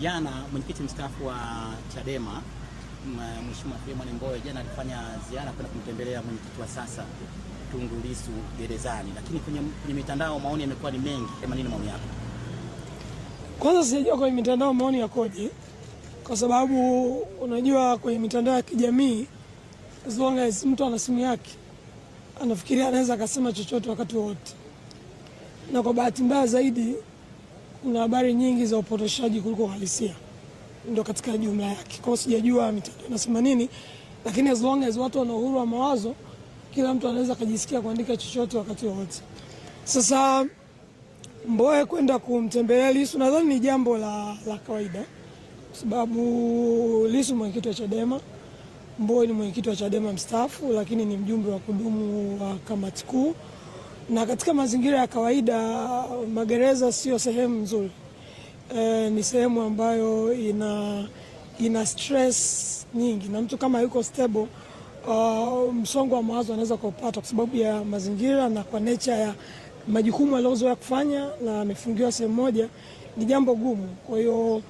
Jana mwenyekiti mstaafu wa Chadema Mheshimiwa Freeman Mbowe jana alifanya ziara kwenda kumtembelea mwenyekiti wa sasa Tundu Lissu gerezani, lakini kwenye, kwenye mitandao maoni yamekuwa ni mengi. Kama nini maoni yako? Kwanza sijajua kwenye mitandao maoni yakoje, kwa sababu unajua kwenye mitandao ya kijamii as long as mtu ana simu yake anafikiria anaweza akasema chochote wakati wowote, na kwa bahati mbaya zaidi kuna habari nyingi za upotoshaji kuliko uhalisia, ndio katika jumla yake. Kwa hiyo sijajua mitandao inasema nini, lakini as long as watu wana uhuru wa mawazo, kila mtu anaweza kujisikia kuandika chochote wakati wowote. Sasa Mbowe kwenda kumtembelea Lisu nadhani ni jambo la, la kawaida kwa sababu Lisu mwenyekiti wa Chadema, Mbowe ni mwenyekiti wa Chadema mstaafu, lakini ni mjumbe wa kudumu wa kamati kuu na katika mazingira ya kawaida magereza sio sehemu nzuri e, ni sehemu ambayo ina, ina stress nyingi na mtu kama yuko stable uh, msongo wa mawazo anaweza kupata kwa sababu ya mazingira na kwa nature ya majukumu aliozoea kufanya na amefungiwa sehemu moja, ni jambo gumu. Kwa hiyo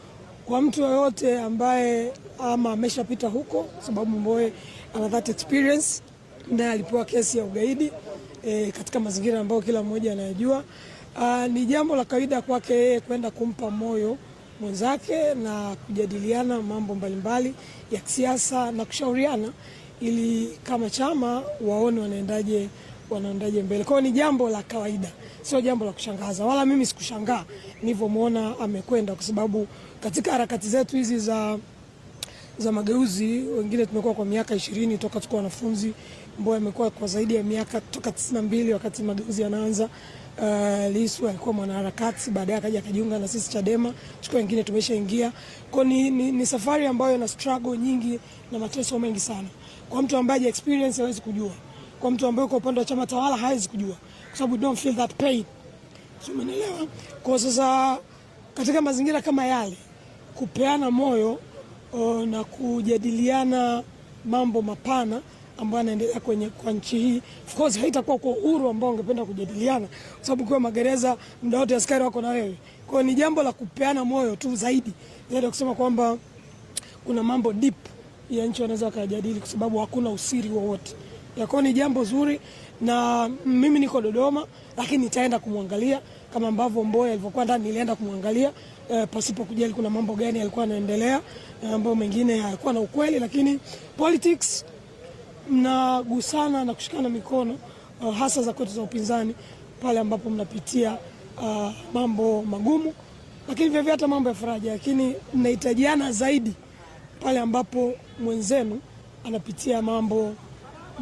kwa mtu yoyote ambaye ama ameshapita huko, sababu mboye ana that experience naye alipewa kesi ya ugaidi e, katika mazingira ambayo kila mmoja anayajua. Ni jambo la kawaida kwake yeye kwenda kumpa moyo mwenzake na kujadiliana mambo mbalimbali ya kisiasa na kushauriana ili kama chama waone wanaendaje wanaendaje mbele. Kwa hiyo ni jambo la kawaida, sio jambo la kushangaza, wala mimi sikushangaa nilivyomwona amekwenda, kwa sababu katika harakati zetu hizi za za mageuzi, wengine tumekuwa kwa miaka ishirini toka tuko wanafunzi, Mbowe amekuwa kwa zaidi ya miaka toka tisini na mbili wakati mageuzi yanaanza. Uh, Lisu alikuwa mwanaharakati, baadaye akaja akajiunga na sisi Chadema, tuko wengine tumeshaingia. Kwa ni, ni, ni safari ambayo ina struggle nyingi na mateso mengi sana. Kwa mtu ambaye haja experience hawezi kujua, kwa mtu ambaye kwa upande wa chama tawala hawezi kujua, kwa sababu don't feel that pain, umeelewa? Kwa sasa katika mazingira kama yale kupeana moyo o, eh, na kujadiliana mambo mapana ambayo yanaendelea kwenye kwa nchi hii. Of course haitakuwa kwa uhuru ambao ungependa kujadiliana, kwa sababu kwa magereza muda wote askari wako na wewe. Kwa ni jambo la kupeana moyo tu zaidi zaidi ya kusema kwamba kuna mambo deep ya nchi wanaweza wakajadili, kwa sababu hakuna usiri wowote. Kwa ni jambo zuri, na mimi niko Dodoma, lakini nitaenda kumwangalia kama ambavyo Mboya alivyokuwa ndani, nilienda kumwangalia e, pasipo kujali kuna mambo gani yalikuwa yanaendelea eh, ambayo mengine hayakuwa na ukweli, lakini politics mnagusana na kushikana mikono uh, hasa za kwetu za upinzani pale ambapo mnapitia uh, mambo magumu, lakini vilevile hata mambo ya faraja, lakini mnahitajiana zaidi pale ambapo mwenzenu anapitia mambo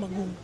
บังงุง